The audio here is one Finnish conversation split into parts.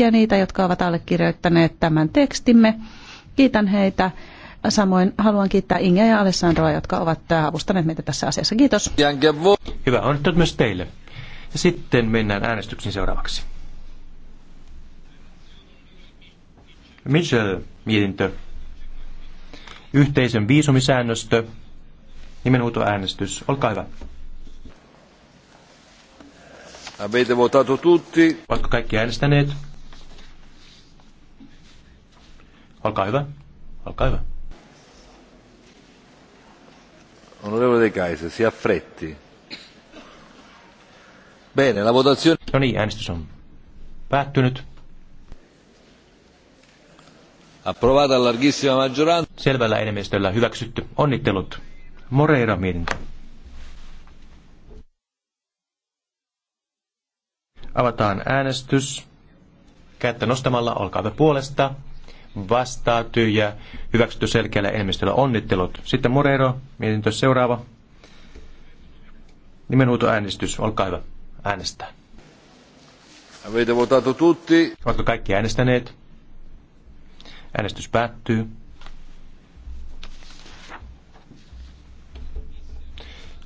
kaikkia niitä, jotka ovat allekirjoittaneet tämän tekstimme. Kiitän heitä. Samoin haluan kiittää Inge ja Alessandroa, jotka ovat avustaneet meitä tässä asiassa. Kiitos. Hyvä, onnittelut myös teille. Ja sitten mennään äänestyksiin seuraavaksi. Michel, mietintö. Yhteisön viisumisäännöstö. äänestys. Olkaa hyvä. Avete votato tutti. Oletko kaikki äänestäneet? Olkaa hyvä. Olkaa hyvä. Onorevole De Kaiser, si affretti. Bene, la votazione... No niin, äänestys on päättynyt. Approvata larghissima maggioranza. Selvällä enemmistöllä hyväksytty. Onnittelut. Moreira mietintö. Avataan äänestys. Kättä nostamalla, olkaa puolesta vastaa tyhjää, hyväksytty selkeällä enemmistöllä. Onnittelut. Sitten Moreiro, mietintö seuraava. äänestys olkaa hyvä. Äänestää. Avete votato tutti. Ovatko kaikki äänestäneet? Äänestys päättyy.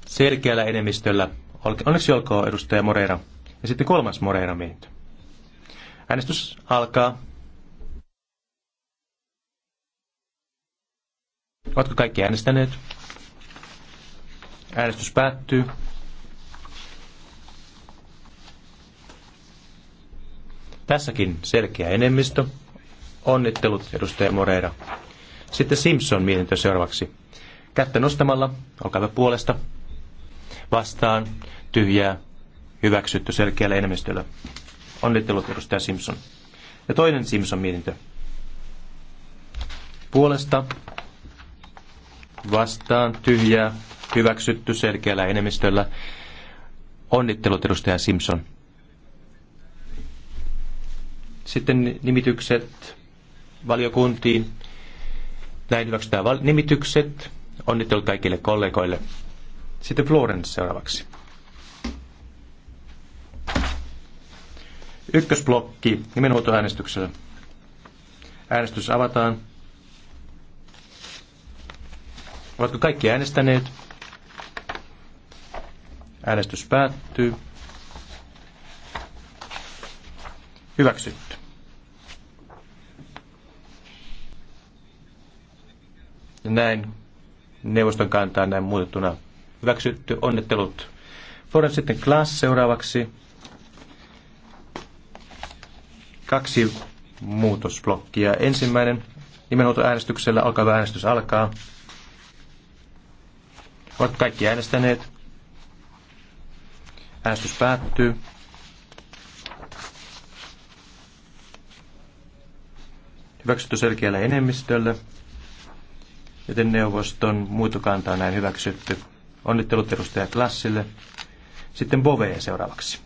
Selkeällä enemmistöllä. Onneksi olkoon edustaja Moreira. Ja sitten kolmas Moreira mietintö. Äänestys alkaa. Ovatko kaikki äänestäneet? Äänestys päättyy. Tässäkin selkeä enemmistö. Onnittelut, edustaja Moreira. Sitten Simpson mietintö seuraavaksi. Kättä nostamalla, olkaa hyvä puolesta. Vastaan, tyhjää, hyväksytty selkeällä enemmistöllä. Onnittelut, edustaja Simpson. Ja toinen Simpson mietintö. Puolesta, vastaan tyhjää hyväksytty selkeällä enemmistöllä. Onnittelut edustaja Simpson. Sitten nimitykset valiokuntiin. Näin hyväksytään val- nimitykset. Onnittelut kaikille kollegoille. Sitten Florence seuraavaksi. Ykkösblokki nimenhuoltoäänestyksellä. Äänestys avataan. Ovatko kaikki äänestäneet? Äänestys päättyy. Hyväksytty. Näin neuvoston kantaa näin muutettuna hyväksytty. Onnittelut. Voidaan sitten Klaas seuraavaksi. Kaksi muutosblokkia. Ensimmäinen nimenhuoltoäänestyksellä alkaa äänestys alkaa. Ovat kaikki äänestäneet. Äänestys päättyy. Hyväksytty selkeällä enemmistöllä, joten neuvoston muutokanta on näin hyväksytty. Onnittelut edustaja Klassille. Sitten Bovee seuraavaksi.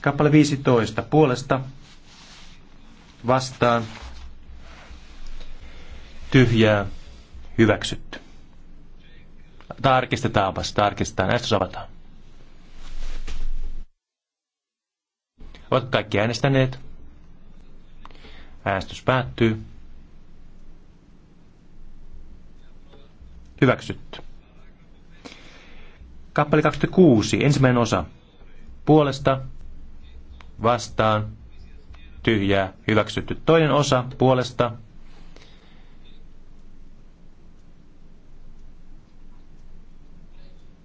Kappale 15 puolesta vastaan tyhjää hyväksytty. Tarkistetaanpas, tarkistetaan. Äänestys avataan. Ovat kaikki äänestäneet. Äänestys päättyy. Hyväksytty. Kappale 26, ensimmäinen osa. Puolesta, vastaan, tyhjää, hyväksytty. Toinen osa, puolesta,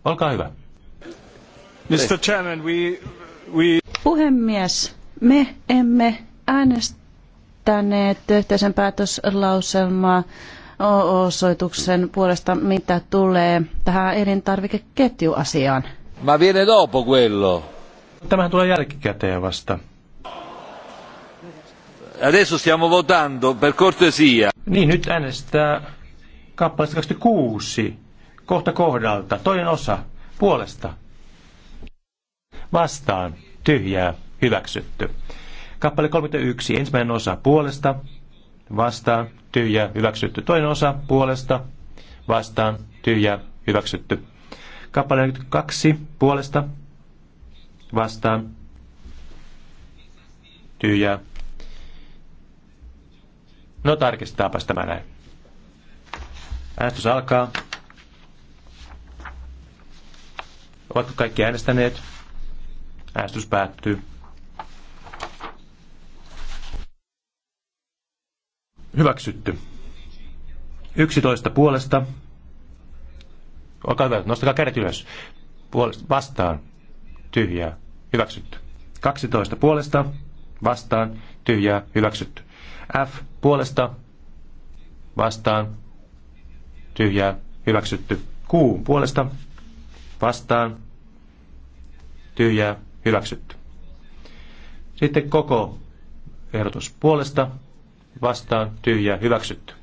Olkaa hyvä. Mr. Chairman, we, we... Puhemies, me emme äänestäneet yhteisen päätöslauselmaa osoituksen puolesta, mitä tulee tähän elintarvikeketjuasiaan. Ma viene dopo quello. Tämähän tulee jälkikäteen vasta. Adesso stiamo votando per cortesia. Niin, nyt äänestää kappaleesta 26 kohta kohdalta. Toinen osa puolesta. Vastaan. Tyhjää. Hyväksytty. Kappale 31. Ensimmäinen osa puolesta. Vastaan. Tyhjää. Hyväksytty. Toinen osa puolesta. Vastaan. Tyhjää. Hyväksytty. Kappale 42. Puolesta. Vastaan. Tyhjää. No tarkistetaanpas tämä näin. Äänestys alkaa. Ovatko kaikki äänestäneet? Äänestys päättyy. Hyväksytty. 11 puolesta. Olkaa hyvä, nostakaa kädet ylös. Puolesta, vastaan. Tyhjää. Hyväksytty. 12 puolesta. Vastaan. Tyhjää. Hyväksytty. F puolesta. Vastaan. Tyhjää. Hyväksytty. Q puolesta. Vastaan tyhjää, hyväksytty. Sitten koko ehdotus puolesta, vastaan, tyhjää, hyväksytty.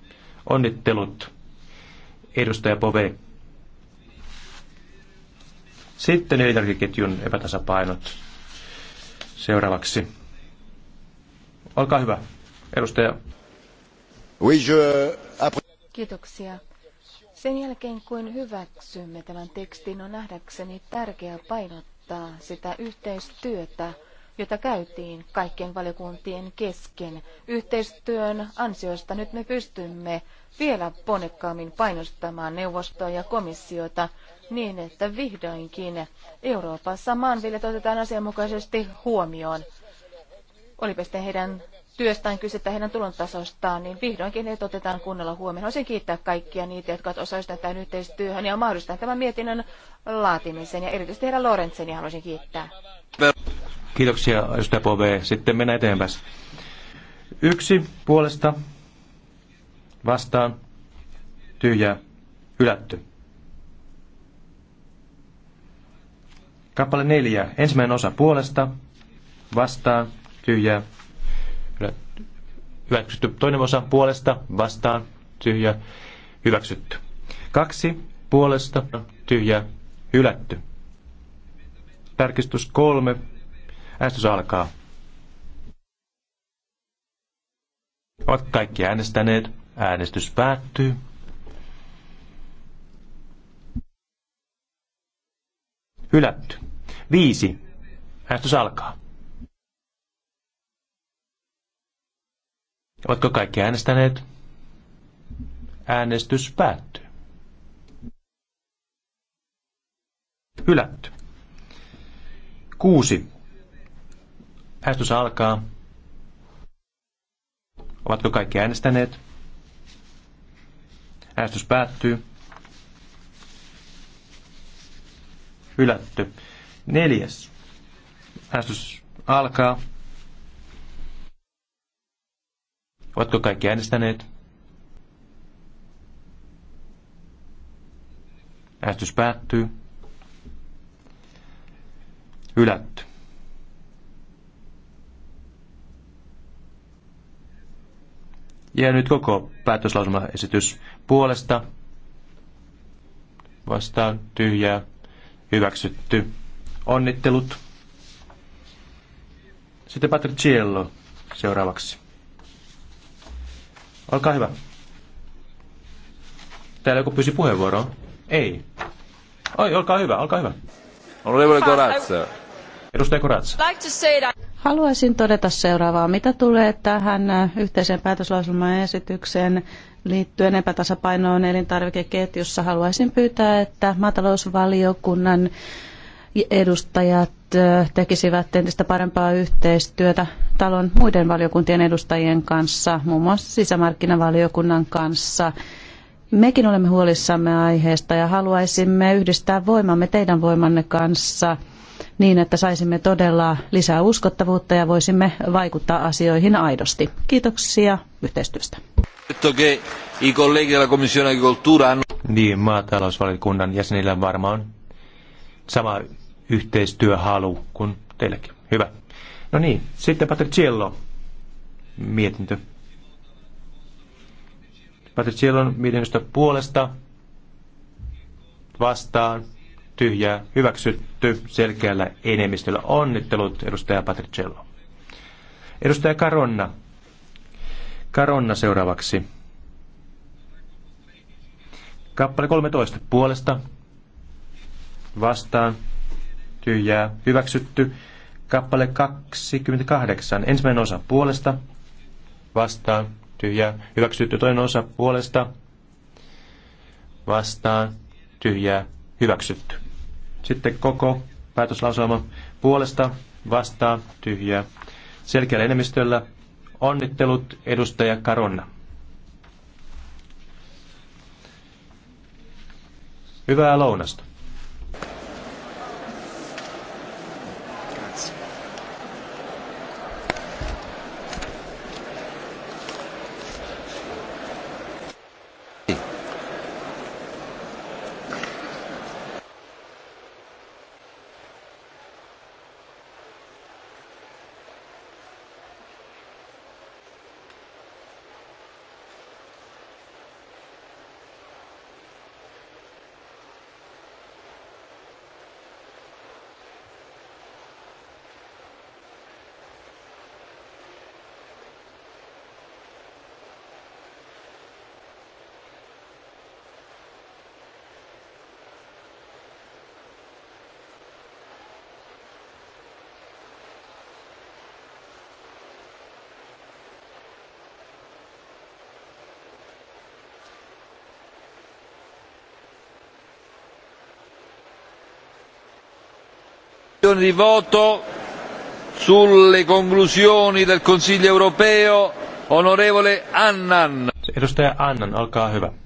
Onnittelut, edustaja Pove. Sitten elintarvikeketjun epätasapainot seuraavaksi. Olkaa hyvä, edustaja. Kiitoksia. Sen jälkeen, kun hyväksymme tämän tekstin, on nähdäkseni tärkeää painottaa, noudattaa sitä yhteistyötä, jota käytiin kaikkien valiokuntien kesken. Yhteistyön ansiosta nyt me pystymme vielä ponnekkaammin painostamaan neuvostoa ja komissiota niin, että vihdoinkin Euroopassa maanviljelijät otetaan asianmukaisesti huomioon. Olipa sitten heidän työstään kyse tai heidän tulontasostaan, niin vihdoinkin ne otetaan kunnolla huomioon. Haluaisin kiittää kaikkia niitä, jotka ovat osallistuneet tähän yhteistyöhön ja mahdollistaneet tämän mietinnön laatimisen. Ja erityisesti herra Lorentzeni haluaisin kiittää. Kiitoksia, edustaja Pove. Sitten mennään eteenpäin. Yksi puolesta vastaan tyhjä hylätty. Kappale neljä. Ensimmäinen osa puolesta vastaan tyhjä hyväksytty. Toinen osa puolesta, vastaan, tyhjä, hyväksytty. Kaksi puolesta, tyhjä, hylätty. Tarkistus kolme. Äänestys alkaa. Ovat kaikki äänestäneet. Äänestys päättyy. Hylätty. Viisi. Äänestys alkaa. Ovatko kaikki äänestäneet? Äänestys päättyy. Hylätty. Kuusi. Äänestys alkaa. Ovatko kaikki äänestäneet? Äänestys päättyy. Hylätty. Neljäs. Äänestys alkaa. Ovatko kaikki äänestäneet? Äänestys päättyy. Hylätty. Ja nyt koko päätöslausumaesitys puolesta vastaan tyhjää hyväksytty. Onnittelut. Sitten Patriciello seuraavaksi. Olkaa hyvä. Täällä joku pyysi puheenvuoroa? Ei. Oi, olkaa hyvä, olkaa hyvä. Onorevole Koratsa. Edustaja Koratsa. Haluaisin todeta seuraavaa. Mitä tulee tähän äh, yhteiseen päätöslauselman esitykseen liittyen epätasapainoon elintarvikeketjussa, haluaisin pyytää, että maatalousvaliokunnan edustajat äh, tekisivät entistä parempaa yhteistyötä talon muiden valiokuntien edustajien kanssa, muun muassa sisämarkkinavaliokunnan kanssa. Mekin olemme huolissamme aiheesta ja haluaisimme yhdistää voimamme teidän voimanne kanssa niin, että saisimme todella lisää uskottavuutta ja voisimme vaikuttaa asioihin aidosti. Kiitoksia yhteistyöstä. Niin, maatalousvaliokunnan jäsenillä varmaan sama yhteistyöhalu kuin teilläkin. Hyvä. No niin, sitten Patriciello mietintö. Patriciellon mietinnöstä puolesta vastaan tyhjää hyväksytty selkeällä enemmistöllä. Onnittelut edustaja Patriciello. Edustaja Karonna. Karonna seuraavaksi. Kappale 13 puolesta vastaan tyhjää hyväksytty kappale 28, ensimmäinen osa puolesta, vastaan, tyhjää, hyväksytty toinen osa puolesta, vastaan, tyhjää, hyväksytty. Sitten koko päätöslauselma puolesta, vastaan, tyhjää. Selkeällä enemmistöllä onnittelut edustaja Karonna. Hyvää lounasta. dichiarazioni di voto sulle conclusioni del Consiglio europeo, onorevole Annan. Edustaja Annan, olkaa hyvä.